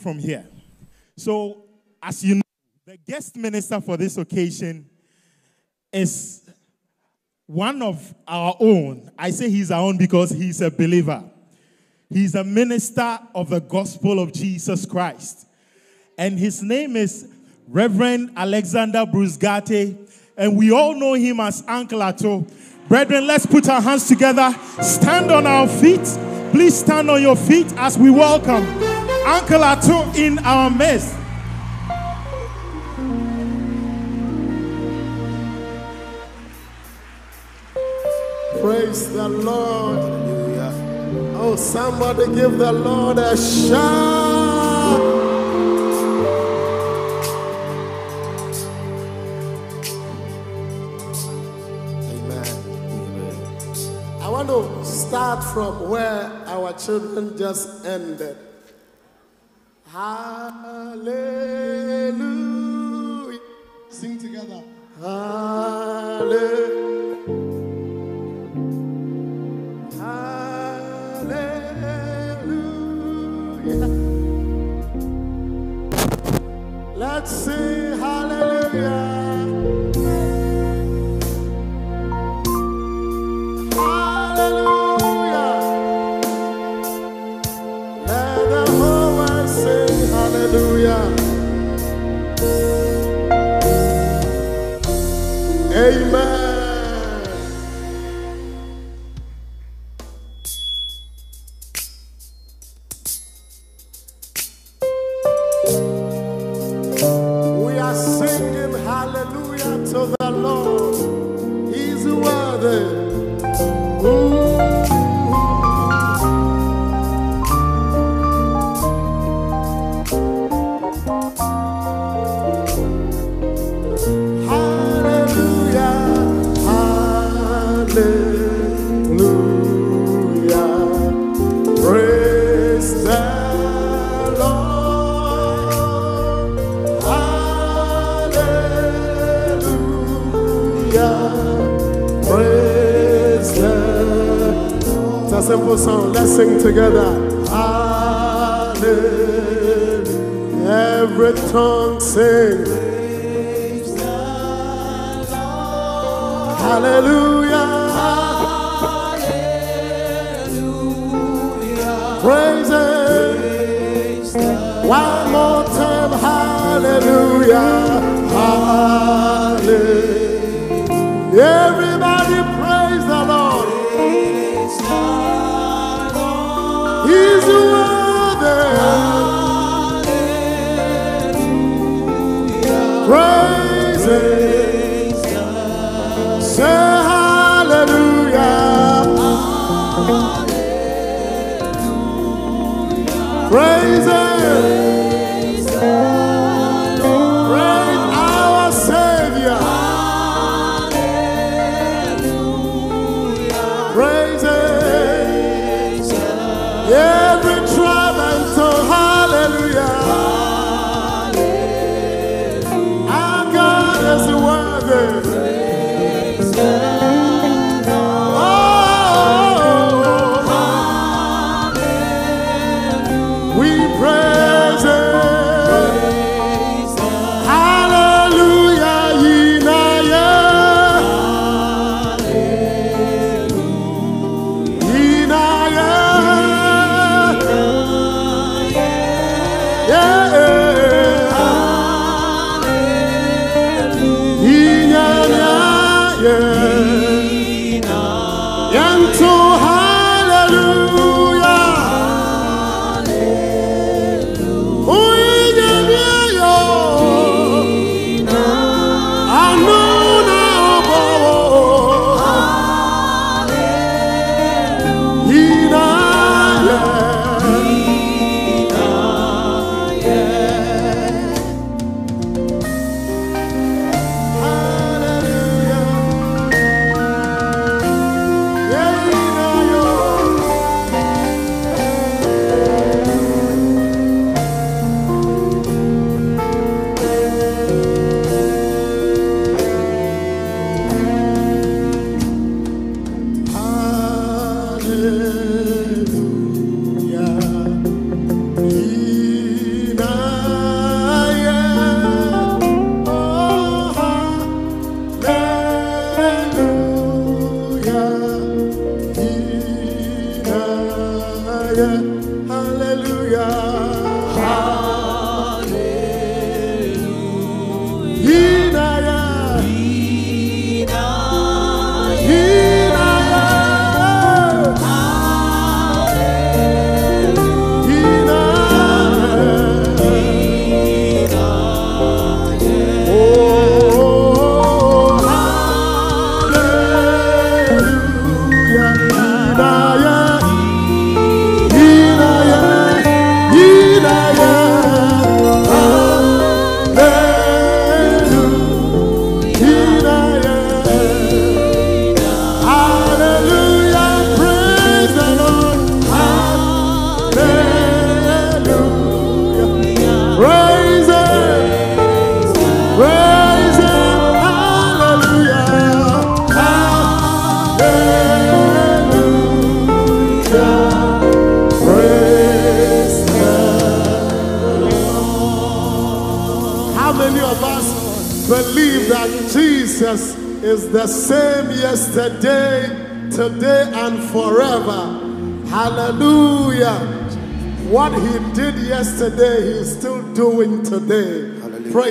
from here. So, as you know, the guest minister for this occasion is one of our own. I say he's our own because he's a believer. He's a minister of the gospel of Jesus Christ. And his name is Reverend Alexander Brusgate. And we all know him as Uncle Ato. Brethren, let's put our hands together, stand on our feet. Please stand on your feet as we welcome. Uncle Atu in our midst. Praise the Lord. Oh, somebody give the Lord a shout. Amen. I want to start from where our children just ended. Hallelujah. Sing together. Hallelujah. simple song. Let's sing together. Hallelujah. Every tongue sing. Hallelujah. Hallelujah. Praise Him. One more time. Hallelujah. Hallelujah. Yeah. Praise Him.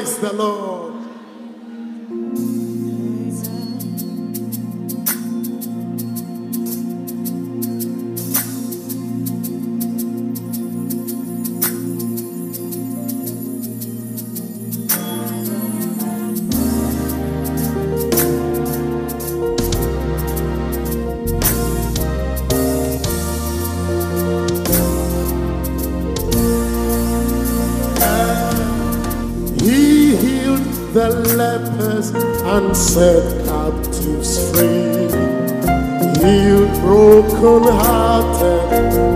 Praise the Lord. set captives free, healed broken-hearted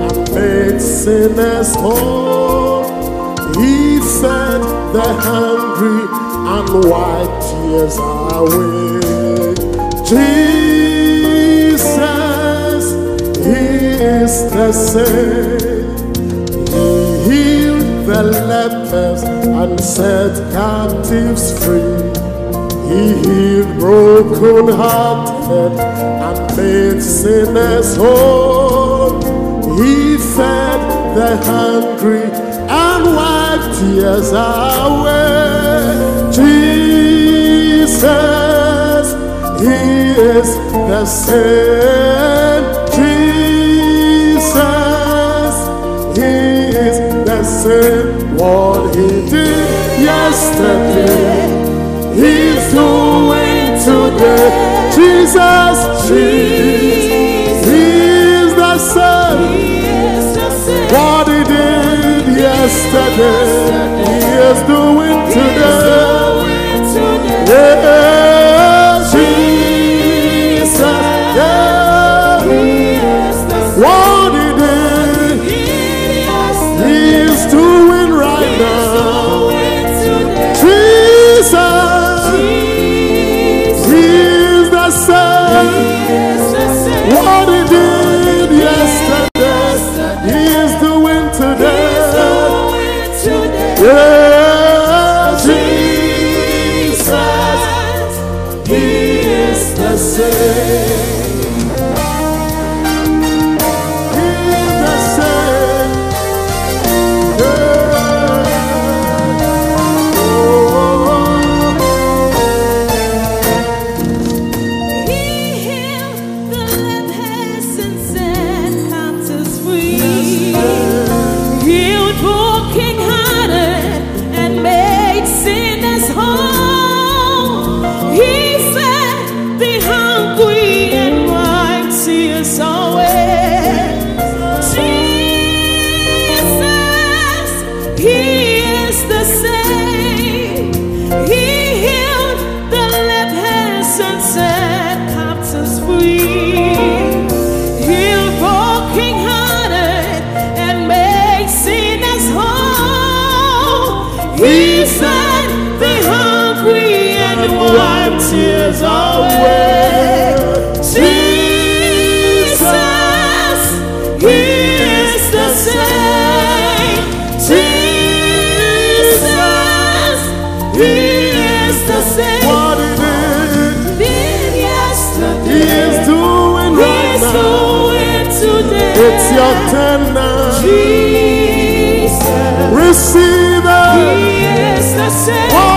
and made sinners whole. He fed the hungry and wiped tears away. Jesus, He is the same. He healed the lepers and set captives free. He healed broken hearted and made sinners whole. He fed the hungry and wiped tears away. Jesus, He is the same. Jesus, He is the same. Lord, He Jesus, Jesus, He is the same. What He did yesterday, He is doing today. Yeah. Did yesterday. He is doing right It's your turn now. Jesus. Receive it. He is the same.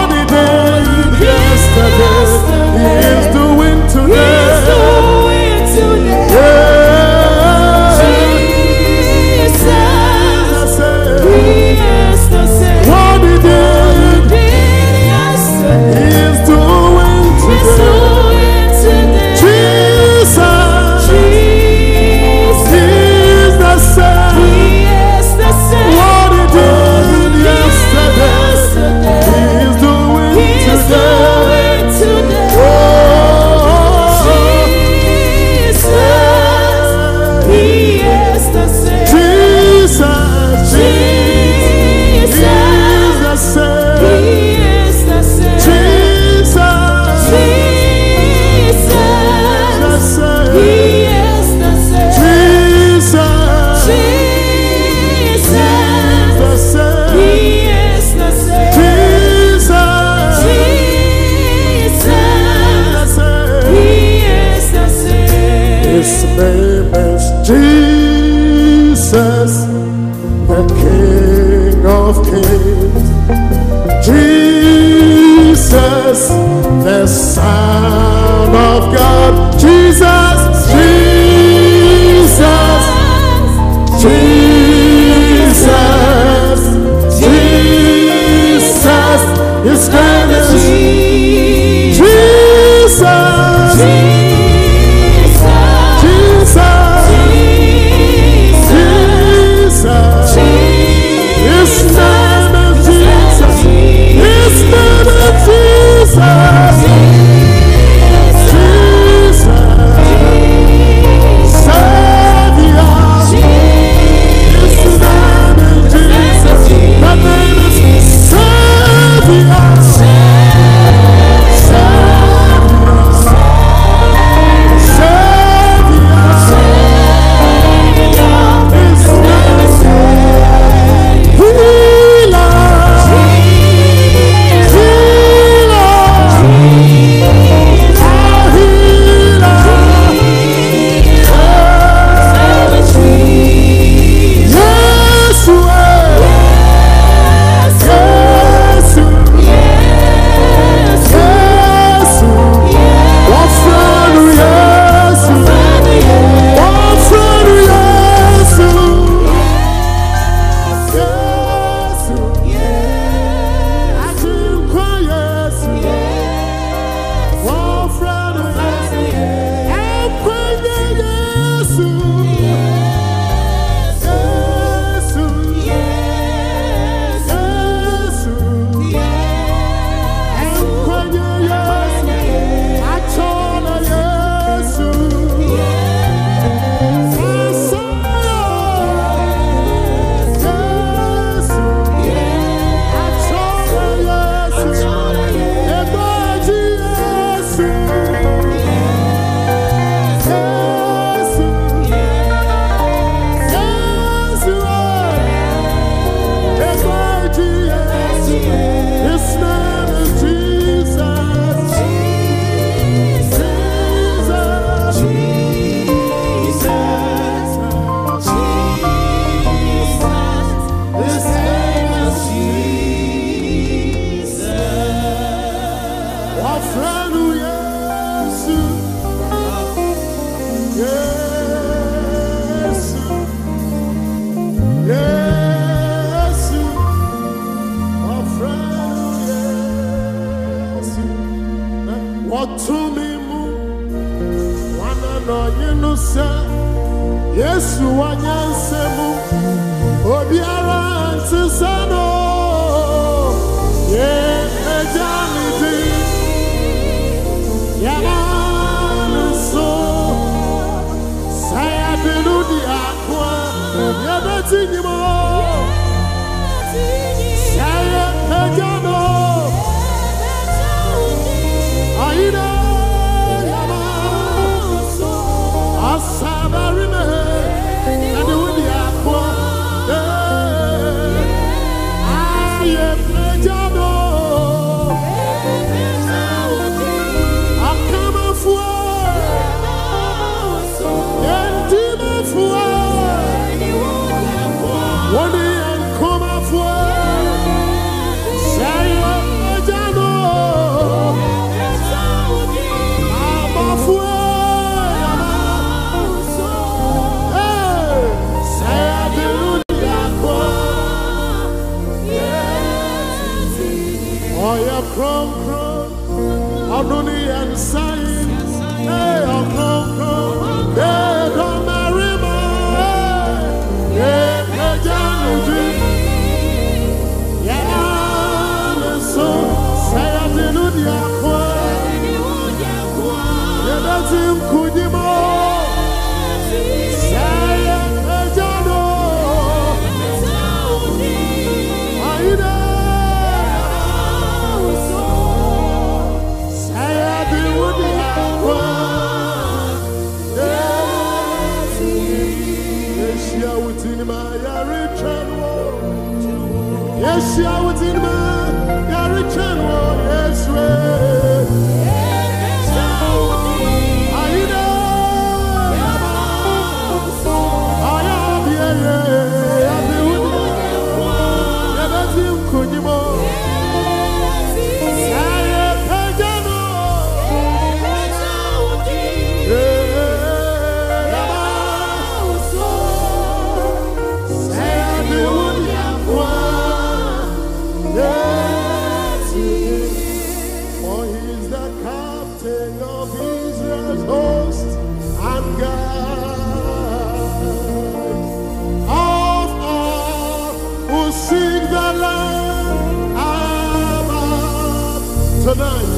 bye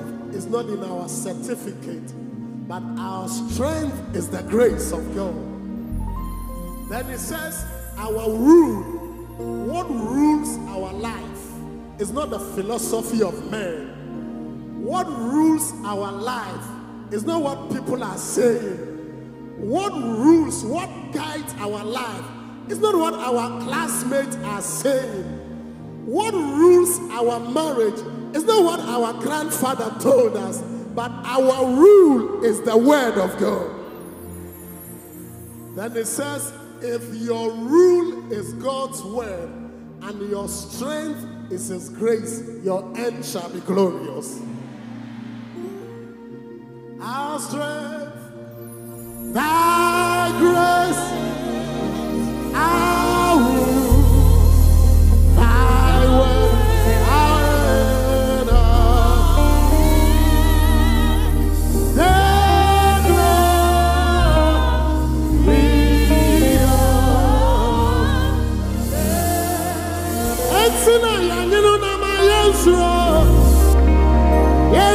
strength is not in our certificate, but our strength is the grace of God. Then it says, Our rule, what rules our life is not the philosophy of man. What rules our life is not what people are saying. What rules, what guides our life is not what our classmates are saying. What rules our marriage it's not what our grandfather told us, but our rule is the word of God. Then it says, if your rule is God's word and your strength is his grace, your end shall be glorious. Our strength, thou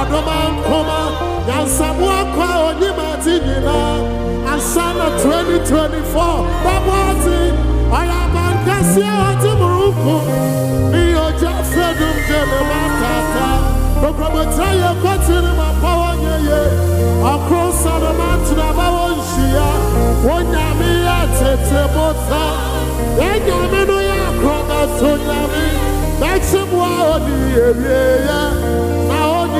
adɔma nkɔma yansamu akɔ a ti nyinaa asana twenty twenty four bɛbɔ ɔti ɔyɛ abankasi a ɔti muruku mi yɛ ɔjɛ fɛdum de ne ma tata kɔkɔmɔtira yɛ ma pa wɔn yɛ yɛ ɔkoro sanu ma tena ma wɔn nhyia wɔn nyame yɛ tete mo ta yɛn nyame no yɛ akɔrɔ ma so nyame mu a ɔdi yɛ wie yɛ.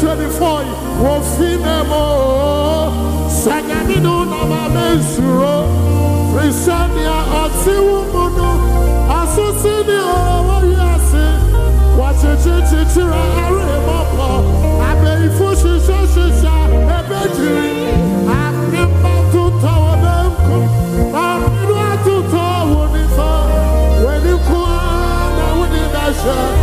2024 wofi na mo sagani no na ma me suro frisania ati wumu no asusi ni owo yase wachichi chichira are mopo abe ifu shisha shisha ebe jiri akimba tuta wabemko akinu atuta wunifa wenikwa na wunidasha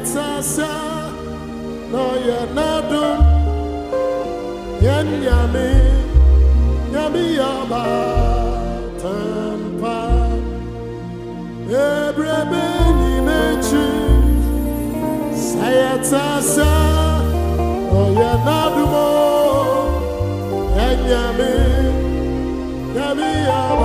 etsasa na ɔyɛ n'adum yɛn nyame nyame yɛ ɔba tɛmpa ebrebe nyim ekyi no yɛtsasa na ɔyɛ n'adum o yɛn nyame nyame yɛ ɔba.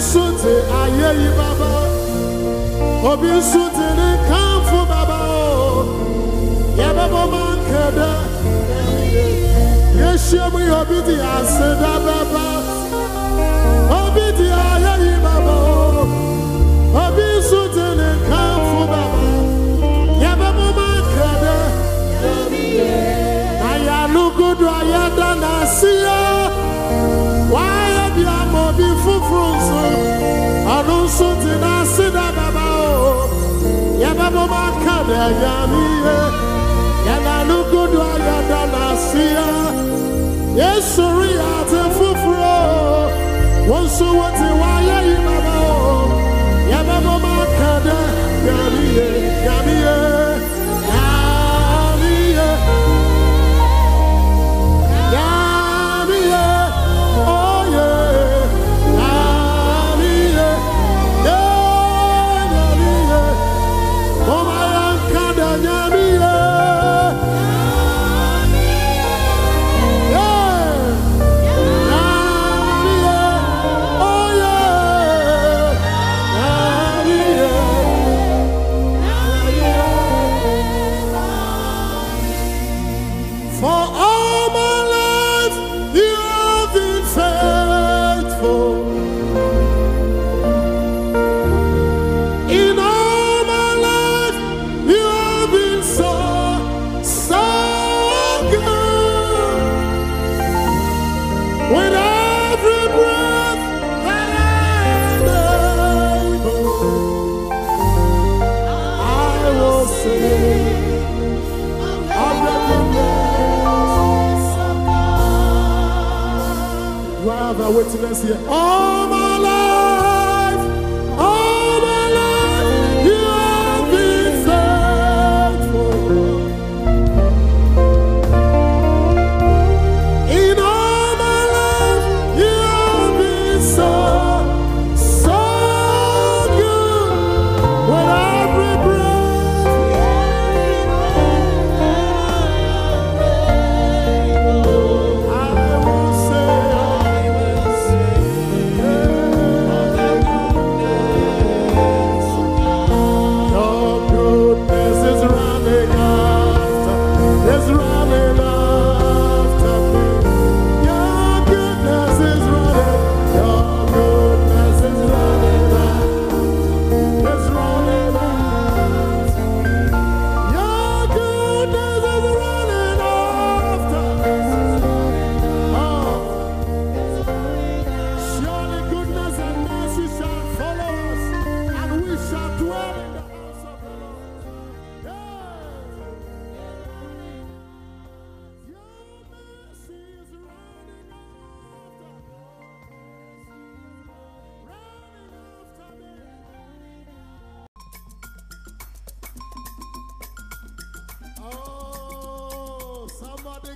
nsute ayé yìí bàbá obi nsute ní káfù bàbá o yẹ bàbá máa ń kéde yẹ ṣé mu obi di àṣẹ dá bàbá obi di àṣẹ. ayamie yàrá nukudu ayada n'asia yesu rí àti fúfurú wọn sọ wọn ti wáyé yìí bàbá o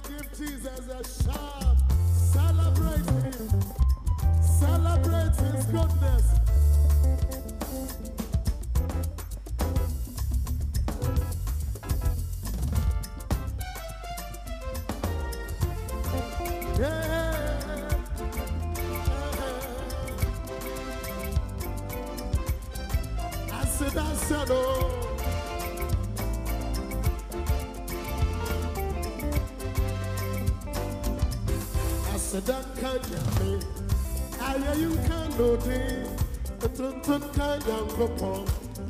to give Jesus a shout. Celebrate him. Celebrate his goodness. go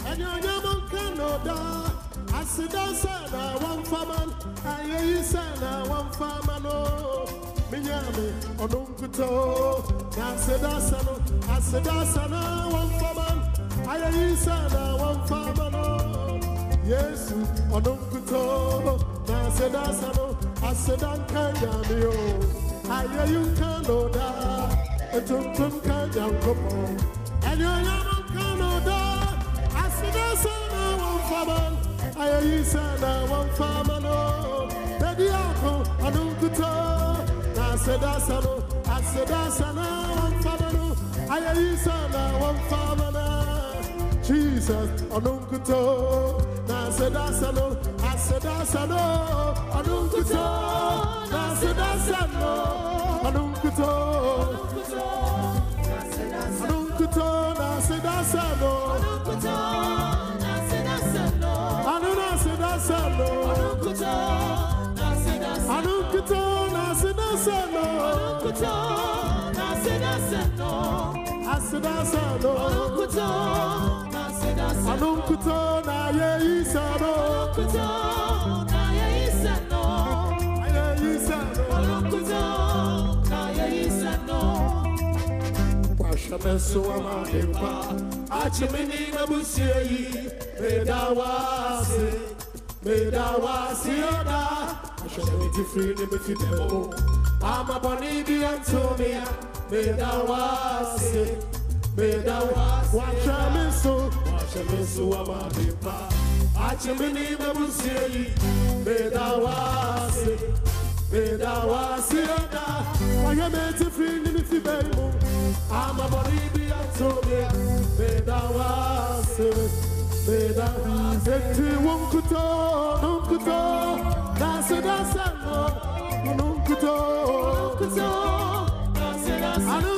And your young Canada. I said, I said I want farmer. I hear you said I want farmer. No, Minyami, or don't go to. I said I said I said I said I want farmer. I hear you said I want farmer. yes, or don't go to. I said I said I said that can't jam you. I hear you Canada. It's a pump can't jam. And you're Jesus, Anunkuto, Nasadasano, Asadasano, Anunkuto, Nasadasano, Anunkuto, Anunkuto. Anunkuto na ye isano. Anunkuto sɛmɛso ama ne mpa akyeme ne n'abusua yi meda wase meda wase da ahwɛ me ti firi ne mefi bɛ mo ama bɔne bi anto me a meda wase meda wase wahwɛ me so wahwɛ me so ama Beda wa sienda Aya meti fini mi fi beimu Ama boribi ya tobia Beda wa siwe Beda wa Zeti wunkuto Nunkuto Dase dase no Nunkuto Nunkuto Dase dase